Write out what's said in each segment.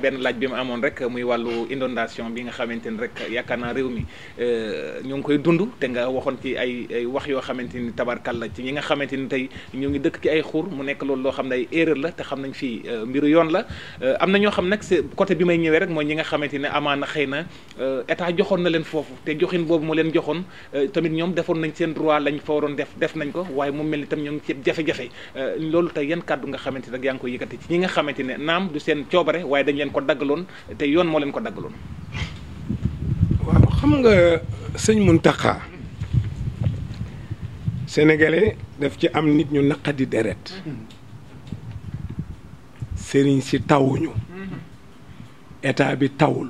benn laaj bi ma amoon rek muy wàllu inondation bi nga xamante ni rek yaakaar naa réew mi euh, ñoo ngi koy dund te nga waxoon ci ay wax yoo xamante ni tabarkal la ci ñi nga xamante ni tey ñu ngi dëkk ci ay xuur mu nekk loolu loo xam ne ay la te xam nañ fii euh, mbiru yoon la euh, am na ñoo xam nag côté bi may ñëwee rek mooy ñi nga xamante ne amaana xëy na état joxoon na leen foofu te joxin boobu mu leen joxoon tamit ñoom defoon nañ seen droit lañ fa waroon def def nañ ko waaye mu mel ni tam ñoo ngi ci jafe-jafe loolu tey yan kàddu nga xamante ne yaa ngi koy yëkkati ci ñi nga xamante ne naam du seen coobare waaye waaye dañ leen ko daggaloon te yoon moo leen ko daggaloon. waaw xam nga sëñ Mountakha sénégalais daf ci am nit ñu naqadi deret sëriñ si tawuñu état bi tawul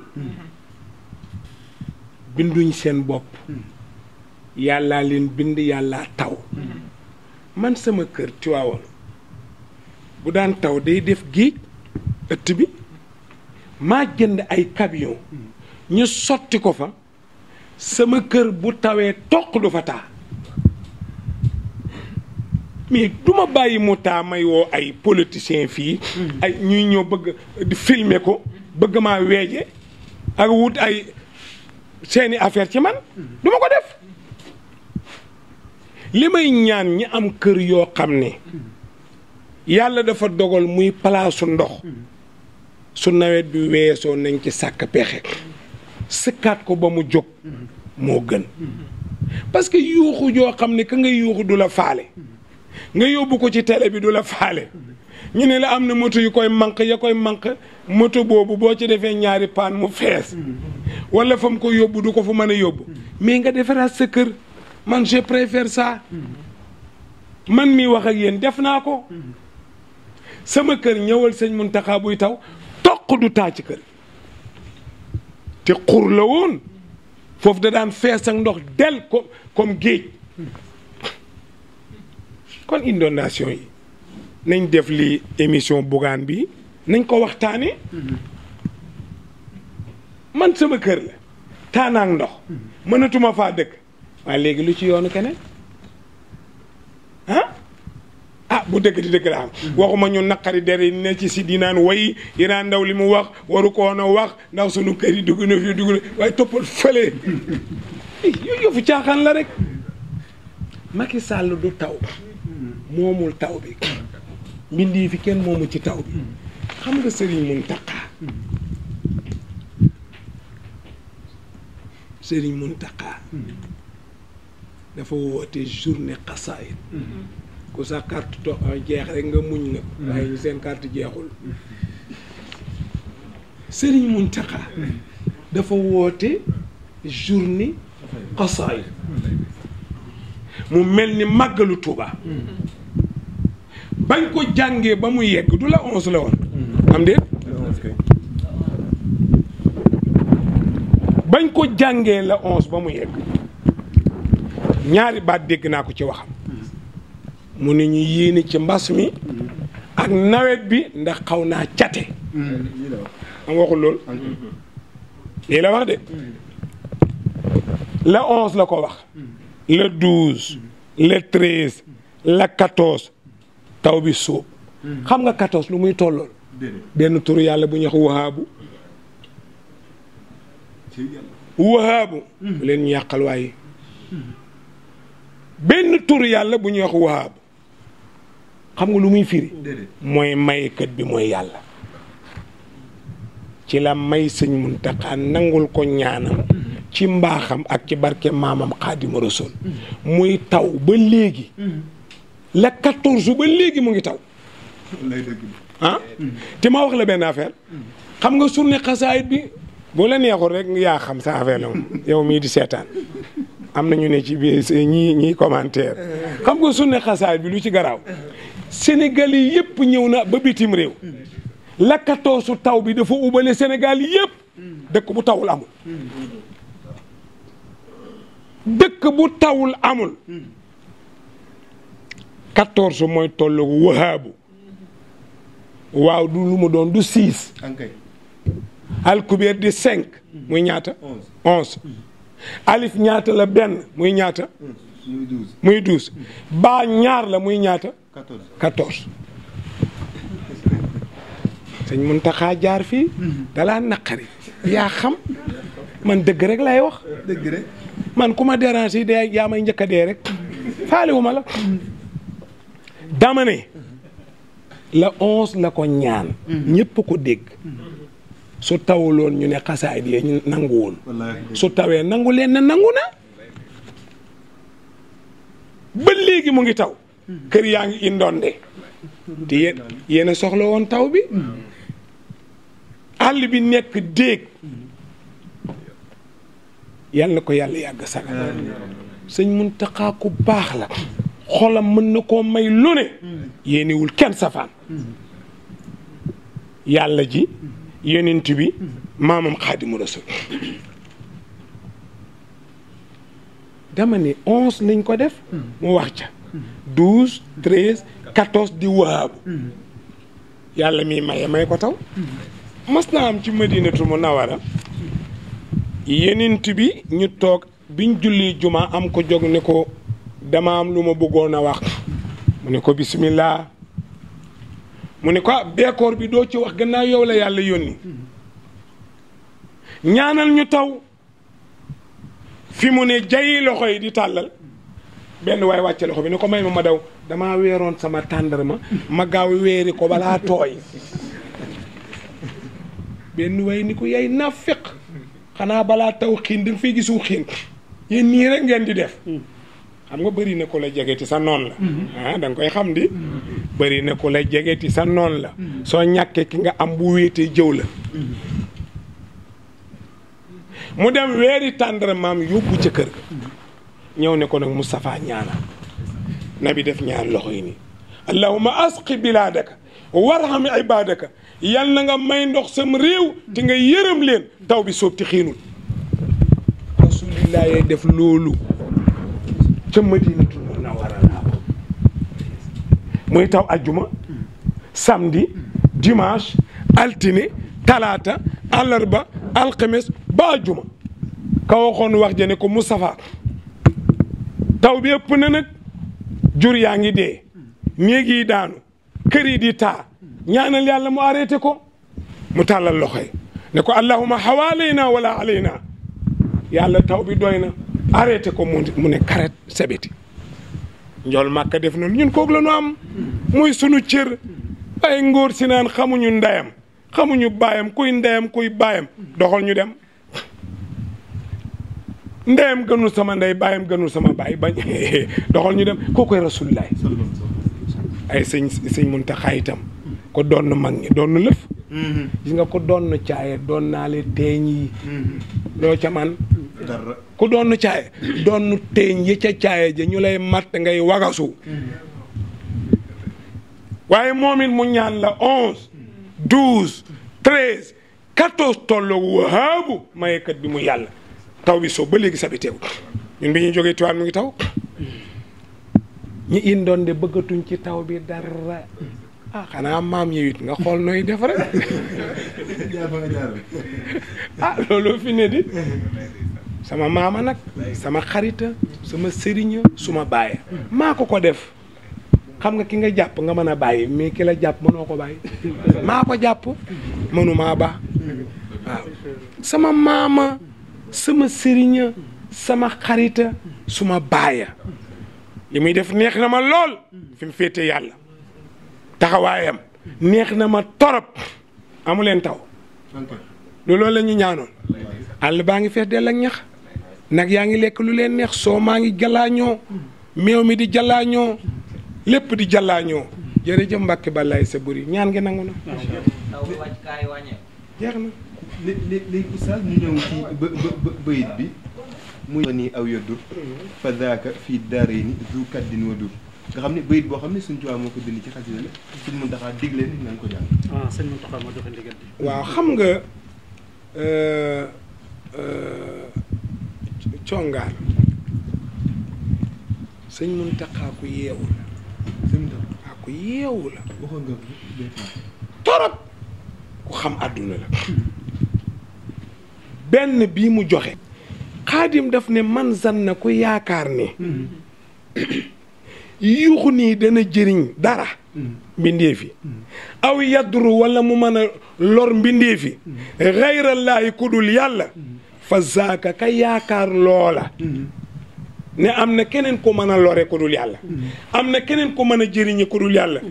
binduñ seen bopp yàllaa leen bind yàlla taw man sama kër Tiwaawan bu daan taw day def géej ëtt bi maa jënd ay camion ñu sotti ko fa sama kër bu tawee toq du fa taa mais du bàyyi mu taa may woo ay politiciens fii ay ñuy ñëw bëgg di ko bëgg maa weeje ak wut ay seeni affaire ci man du ko def li may ñaan ñi am kër yoo xam ne yàlla dafa dogal muy palaasu ndox su nawet bi weesoo nañ ci sàkk pexe sëkkaat ko ba mu jóg moo gën parce que yuuxu joo xam ne ka ngay yuuxu du la faale nga yóbbu ko ci télé bi du la faale ñu ne la am na moto yu koy manq ya koy manq moto boobu boo ci defee ñaari paan mu fees wala fa mu ko yóbbu du ko fa mën a yóbbu mais nga defaraat sa kër man je préfère ça man mi wax ak yéen def naa ko sama kër ñëwal sëñ Muntaxa buy taw toq du taa ci kër te xur la woon foofu da daan fees ak ndox del ko comme géej kon inondation yi nañ def li émission Bougane bi nañ ko waxtaane man sama kër la taanaak ndox mënatuma faa dëkk waaye léegi lu ci yoonu keneen bu dëgg di dëgg la am waxuma ñu naqari der ne ci si di naan way Iran Ndaw li mu wax waru wax ndax sunu kër dugg na fii dugg na waaye toppal fële yooyu yëfu caaxaan la rek Macky sàll du taw moomul taw bi mbindii fi kenn moomu ci taw bi xam nga sëriñ Muntaqa sëriñ Muntaqa dafa woote journée xasaayid ku sa carte to ah, jeex rek nga muñ nag mm-hmm. waaye ñu seen carte jeexul sëriñ Muntaxa dafa woote journée xasaay mu mel ni màggalu Tuuba bañ ko jàngee ba mu yegg du la onze la woon mm-hmm. am déet bañ ko jàngee la onze ba mu yegg ñaari baat dégg naa ko ci waxam mu ne ñu yéene ci mbas mi ak nawet bi ndax xaw naa cate mm. am waxul lool mm. lii la wax de le onze la ko wax mm. le douze le treize le quatorze taw bi sóob xam nga quatorze lu muy tollool benn turu yàlla bu ñuy wax wahaabu wahaabu leen ñu yàqal waaye benn turu yàlla bu ñuy wax wahaabu xam nga lu muy firi mooy mayekat bi mooy yàlla ci la may sëñ Muntaxa nangul ko ñaanam ci mbaaxam ak ci barke maamam Xaadimu Rasuul muy taw ba léegi la quatorze ba léegi mu ngi taw ah te ma wax la benn affaire xam nga surne xasaayit bi boo la neexul rek yaa xam sa affaire la moom yow mii di seetaan am na ñu ne ci biir ñi ñii commentaire eh. xam nga sunne xasaayit bi lu ci garaaw Sénégal yi yëpp ñëw na ba bitim réew lakkatoosu taw bi dafa ubale Sénégal yëpp dëkk bu tawul amul dëkk bu tawul amul quatorze mooy tolloog wahaabu waaw du lu doon du six alkubeer di cinq muy ñaata onze alif ñaata la benn muy ñaata muy douze baa ñaar la muy ñaata 14 sëñ Muntaxa jaar fii mhm. dalaa naqari yaa xam man dëgg rek lay wax dëgg man ku ma dérange day dee yaa may njëkk dee rek faaliwu la mhm. dama la onze la ko ñaan mhm. ñépp ko dégg su tawu lool ñu ne xasaay di ñu nanguwul su tawee nangu leen na nangu na ba léegi mu ngi taw kër yaa ngi indonde te yenn yéen soxla woon taw bi àll bi nekk déeg yal na ko yàlla yàgg saga sëñ Muntaxa ku baax la xolam mën na koo may lu ne yéeniwul kenn safaan yàlla ji yonent bi maamam xaadimu rasul dama ne onze lañ ko def mu wax ca douze treize quatorze di wahaabu yàlla miy maye may ko taw mas naa am ci madinatu wara yenent bi ñu toog biñ julli juma am ko jóg ne ko dama am lu ma buggoon a wax mu ne ko bismillah mu ne ko ah, beekoor bi doo ci wax gannaaw yow la yàlla yónni ñaanal ñu taw fi mu ne jayi loxo yi di tàllal benn waay wàcce loxo bi ni ko may ma ma daw damaa weeroon sama tàndarma ma gaaw weeri ko balaa tooy benn waay ni ko yay nafiq xanaa balaa taw xiin da nga fay gisu xiin yéen nii rek ngeen di def xam nga bëri na ko la jegeti sa noon la mm-hmm. ah koy xam di mm-hmm. bëri na ko la jegeti sa noon la mm-hmm. soo ñàkkee ki nga am bu wéetee jëw la mu dem weeri tàndarmaam yóbbu ca kër ga ñëw ne ko nag Moustapha ñaana bi def ñaari loxo yi nii allahuma asqi bilaadaka warham ibadaka yal na may ndox sam réew te nga yërëm leen taw bi soob ti xiinul yee def loolu ca madinatul munawara laa ko muy taw ajjuma samedi dimanche altine talaata alarba alxames ba ajjuma ka waxoon wax ja ne ko Moustapha taw bi ëpp na nag jur yaa ngi dee néeg yi daanu kër yi di taa ñaanal yàlla mu arrêté ko mu tàllal loxo yi ne ko allahuma hawaalayna wala alayna yàlla taw bi doy na arrêté ko mu ne karet sebeti njool màkka def na ñun koog la nu am muy sunu cër waaye ngóor si naan xamuñu ndeyam xamuñu baayam kuy ndeyam kuy baayam doxal ñu dem ndeyam gënul sama ndey bàyyam gënul sama bàyyi bañ doxal ñu dem koo koy rasulilaay ay sëñ sëñ Muntaxa itam ko doon mag ñi doon lëf gis nga ko doon caaye doon naa le teeñ yi loo ca ku doon caaye doon teeñ yi ca caaye ja ñu lay matt ngay wagasu waaye moom it mu ñaan la onze douze treize quatorze tolloog wahaabu mayekat bi mu yàlla taw bi soo ba léegi sax di teew ñun bi ñuy jógee Tiwaawan mu ngi taw ñi indoon de bëggatuñ ci taw bi dara ah xanaa maam yi it nga xool nooy def rek ah loolu fi ne di sama maama nag sama xarita sama sëriña suma baay maa ko ko def xam nga ki nga jàpp nga mën a bàyyi mais ki la jàpp mënoo ko bàyyi ko jàpp mënumaa ba waaw sama maama sama sëriña sama xarita suma baaya li muy def neex na ma lool fi mu féete yàlla taxawaayam neex na ma torop amu leen taw lu loolu la ñu ñaanoon àll baa ngi fees dell ak ñax nag yaa ngi lekk lu leen neex soo maa ngi jallaañoo meew mi di jallaañoo lépp di jallaañoo jërëjëf Mbàkke Balaay sa buri ñaan gi nangu na jeex léegi oustaz ñu ñëw ci ba ba bayit bi muy ni aw yoddur fa daaka fii daaree ni zu kaddin wa dur nga xam ne bayit boo xam ne suñ tubaab moo ko bind ci xasida la suñ Muntaxa digle ni ko jàng waaw ah, sëñ Muntaxa moo joxe ndigal waaw xam nga euh, euh, congaan sëñ Muntaxa ku yeewu la sëñ Muntaxa ku yeewu la torop ku xam àdduna la benn bii mu joxe xaadim def ne man zan na ku yaakaar ne yuuxu nii dana jëriñ dara mm-hmm. mbindee fi mm-hmm. aw yadru wala mu mën a lor mbindee fi mm-hmm. xayrallaahi ku dul yàlla fa zaaka ka yaakaar loola ne am na keneen ko mën a lore ku dul yàlla am na keneen ku mën a jëriñe ku dul yàlla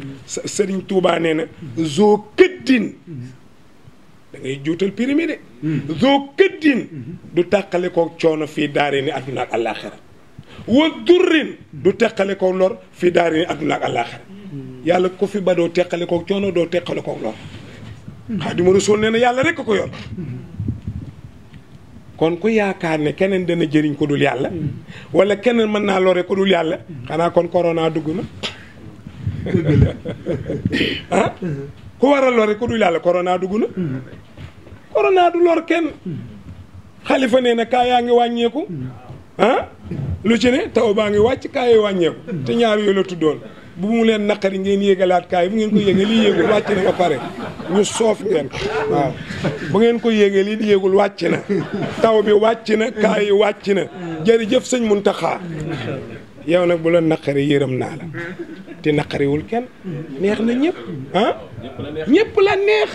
sëriñ Tuubaa nee na zoo këddin da ngay juutal périmé de këddin du tàqale koo coono fii daare ni adduna ak wa durrin du teqale koo lor fii daare ni adduna ak yàlla ko fi ba doo teqale koo coono doo teqale koo lor Xaadimu Rasuul nee na yàlla rek ko yor kon ku yaakaar ne keneen dana jëriñ ko dul yàlla wala keneen mën naa lore ko dul yàlla xanaa kon corona dugg na ah ku war a lore ku dul yàlla corona dugg na. Mm-hmm. corona du lor kenn. Mm-hmm. xalifa nee na kaa yaa ngi wàññeeku. Mm-hmm. ah lu ci ne taw baa ngi wàcc kaa yi wàññeeku. te ñaar yooyu la tuddoon. bu mu leen naqari ngeen yéegalaat kaay bu ngeen ko yéegee lii ba pare ñu soof ngeen bu ngeen ko yéegee lii yéegul wàcc na taw bi wàcc na kaay yi wàcc na jërëjëf sëñ Muntaxa yow nag bu la naqari yërëm naa la te naqariwul kenn neex na ñëpp ah la neex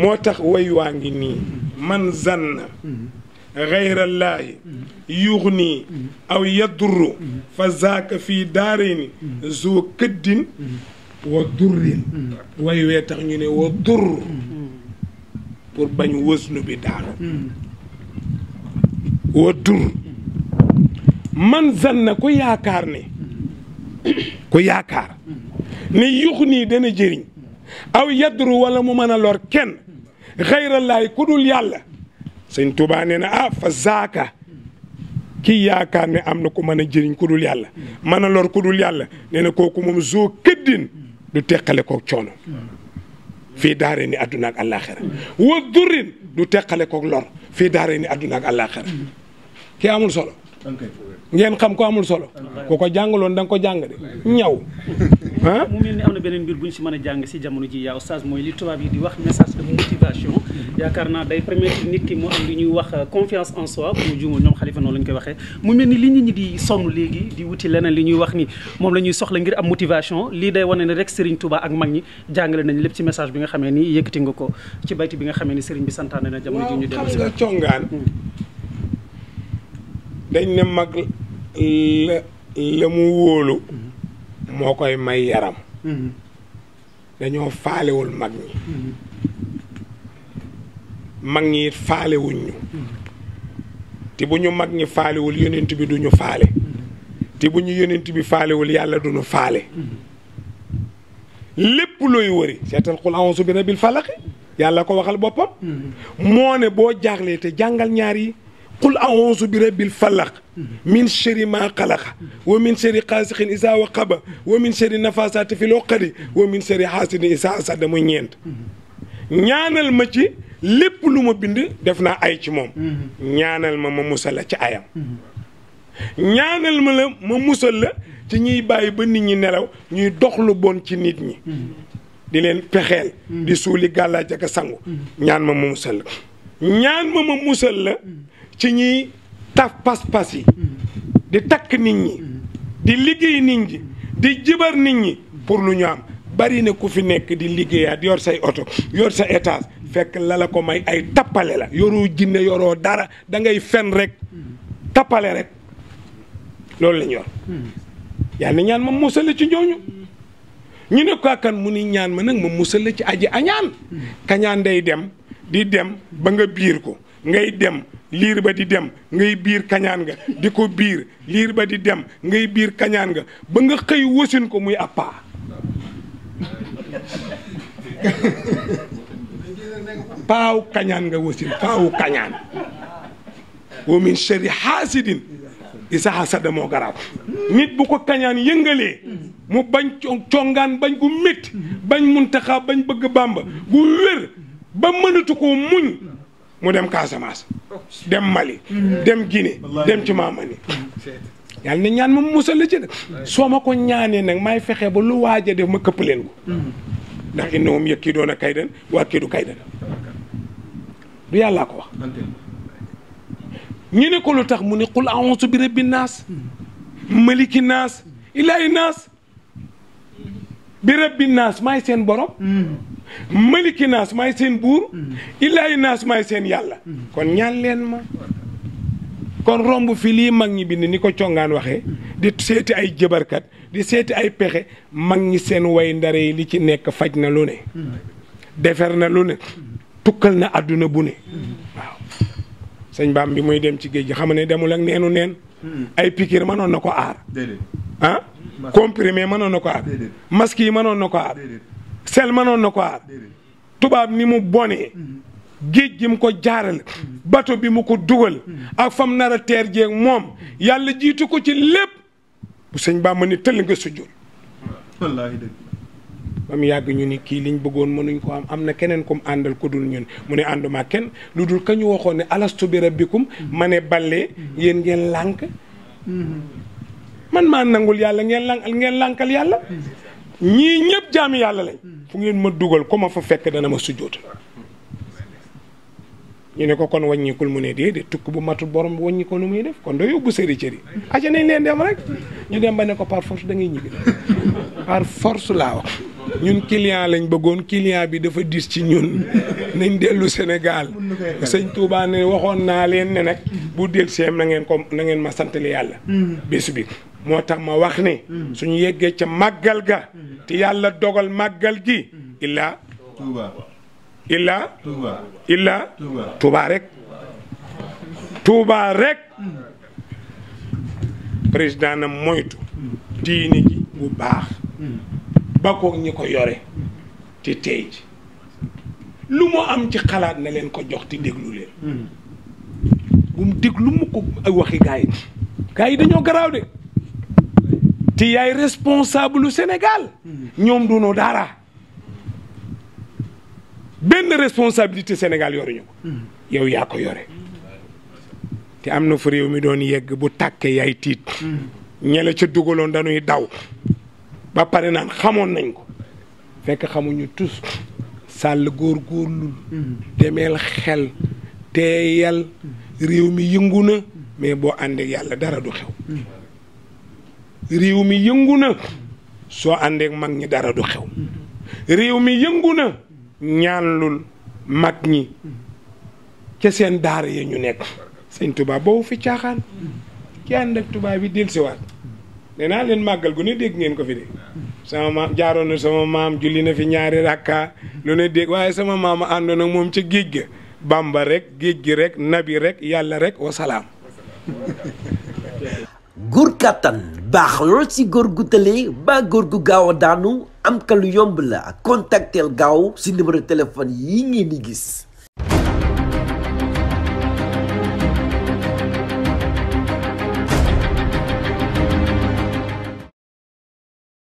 moo tax way waa ngi nii man zanna gayrallaahi yuxni aw yadurru fa zaaka fii daarayni zoo këddin wa durrin way wee tax ñu ne wa durr pour bañ wësnu bi daanu wa durr man zanna ku yaakaar ne ku yaakaar ne yux nii dana jëriñ aw yadru wala mu mën a lor kenn xayralaay ku dul yàlla sëñ tubaa nee na ah fa zaaka kii yaakaar ne am na ku mën a jëriñ ku dul yàlla mën a lor ku dul yàlla nee na kooku moom zoo këddin du teqale koog coono fii daare ni àdduna ak àllaaxira wa durin du teqale kook lor fii daare ni àdduna ak àllaaxira kii amul solo ngeen xam ko amul solo ku ko jàngaloon da nga ko jàng de ñaw ah mu mel ni am na beneen mbir bu ñu si mën a jàng si jamono ji yaa oustaz mooy li tubaab yi di wax message de motivation yaakaar naa day permettre nit ki mu am li ñuy wax euh, confiance en soi bu mu juumul noonu la ñu koy waxee mu mel ni li nit ñi di sonn léegi di wuti li ñuy wax ni moom la ñuy soxla ngir am motivation lii day wane ne rek Serigne Touba ak mag ñi jàngale nañ lépp ci message bi nga xamee ni yëkkati nga ko ci bayti bi nga xamee ni Serigne bi santaan na jamono ji ñu dellu si congaan hmm. dañ ne mag la la mu wóolu moo koy may yaram dañoo faalewul mag ñi mag ñi it faalewuñ ñu te bu ñu mag ñi faalewul yonent bi duñu faale te bu ñu yonent bi faalewul yàlla duñu faale lépp looy wëri seetal xul a'uuzu bi rabbil falaq yàlla ko waxal boppam moo ne boo jaaxlee te jàngal ñaar yi qul aouzu bi rabbil falaq min sharri ma xalaqa wa min sharri xaasiqin isaa waqaba wa min sharri nafasaati fil uqadi wa min sharri xaasidin isaa hasada muy ñeent ñaanal ma ci lépp lu ma bind def naa ay ci moom ñaanal ma ma musal la ci ayam ñaanal ma la ma musal la ci ñuy bàyyi ba nit ñi nelaw ñuy dox lu bon ci nit ñi di leen pexeel di suuli gàllaaj ak sangu ñaan ma ma musal la ñaan ma ma musal la ci ñiy taf yi di takk nit ñi di liggéey nit ñi di jibar nit ñi pour lu ñu am bari ne ku fi nekk di liggéeyaat yor say oto yor sa étage fekk lala ko may ay tappale la yoroo jinne yoroo dara da ngay fen rekk tappale rek loolu lañ yor yàlla ñaan ma musal la ci ñooñu ñu ne ko kan mu ni ñaan nag ma musal ci aji añaan kañaan day dem di dem ba nga biir ko ngay dem liir ba di dem ngay biir kañaan nga di ko biir liir ba di dem ngay biir kañaan nga ba nga xëy wasin ko muy appaa paaw kañaan nga wasin paaw kañaan wa min sharri xaasidin isa xasada moo garaaw nit bu ko kañaan yëngalee mu bañ congaan bañ gu métti bañ muntaxaa bañ bëgg bàmba gu wér ba mënatu koo muñ mu dem Casamance dem Mali dem Guinée dem ci Mamani yàlla na ñaan moom musal la ci nag soo ma ko ñaanee nag may fexe ba lu waaj a def ma këpp leen ko ndax inna moom yëg kii doon waa kii du kay du yàllaa ko wax ñu ne ko lu tax mu ne qul a'uuzu bi rabbi naas maliki naas ilaahi naas bi rabbi naas maay seen borom maliki naas maay seen buur mm. illaahi naas maay seen yàlla mm. kon ñaan leen ma kon romb fi lii mag ñi bind ni ko congaan waxee mm. di seeti ay jëbarkat di seeti ay pexe mag ñi seen way ndare yi li ci nekk faj na lu ne defer na lu ne tukkal na àdduna bu ne waaw sëñ baam bi muy dem ci géej gi xam ne demul ak neenu neen ay pikiir mënoon na ko aar ah comprimé mënoon na ko aar masque yi mënoon na ko aar sel mënoon na ko aar tubaab ni mu bonee géej gi mu ko jaaral bato bi mu ko dugal ak fam nar a teer jeeg moom yàlla jiitu ko ci lépp bu sëñ ma ni tëll nga sujjul wallaahi ba mu yàgg ñu ni kii liñ bëggoon mënuñ ko am am na keneen kum àndal ko dul ñun mu ne ànduma kenn lu dul ka ñu waxoon ni alastu bi rabbikum ma ne balee yéen ngeen lànk mm-hmm. man maa nangul yàlla ngeen ngeen lànkal yàlla ñii ñëpp jaami yàlla lañ fu ngeen ma dugal ku ma fa fekk dana ma sujjóot ñu ne ko kon wàññikul mu ne déedéet tukk bu matul borom bi wàññi ko nu muy def kon doo yóbbu sëri cëri aca nañ leen dem rek ñu dem ba ne ko par force da ngay ñibbi par force laa wax lañ bëggoon client bi dafa diis ci ñun nañ dellu Sénégal sëñ Touba ne waxoon naa leen ne nag bu del seem na ngeen ko na ngeen ma santali yàlla mm-hmm. bés bi moo tax ma wax ni hmm. suñu yeggee ca màggal ga hmm. te yàlla dogal màggal gi hmm. illaa tuuba illaa tuuba illaa tuuba rek tuuba rek président na moytu diini ji bu baax ba ko ñi ko yore te tey ji lu mu am ci xalaat na leen ko jox ti déglu leen bu mu déglu mu ko waxi gaa yi gaa dañoo garaaw de te yaay responsable lu Sénégal ñoom duñu daara benn responsabilité Sénégal yoruñu ko yow yaa ko yore te am na fu réew mi doon yegg bu tàkkee yaay tiit ñele ca dugaloon dañuy daw ba pare naan xamoon nañ ko fekk xamuñu tus sàll góor góorlul demeel xel teeyal réew mi yëngu na mais boo àndee yàlla dara du xew réew mi yëngu na soo àndeek mag ñi dara du xew réew mi yëngu na ñaanlul mag ñi ca seen daar ya ñu nekk sëñ Tuubaa boobu fi caaxaan ki ànd ak Tuubaa bi dellusiwaat nee naa leen màggal gu ne dégg ngeen ko fi de sama maam jaaroon na sama maam julli na fi ñaari rakka lu ne dégg waaye sama maam ànd na moom ca géej ga Bàmba rek géej gi rek nabi rek yàlla rek wasalaam. góor kàttan baax lool si góor gu tëlee ba góor gu gaaw a daanu am ka lu yomb la contactel gaaw si numéro téléphone yi ngeen di gis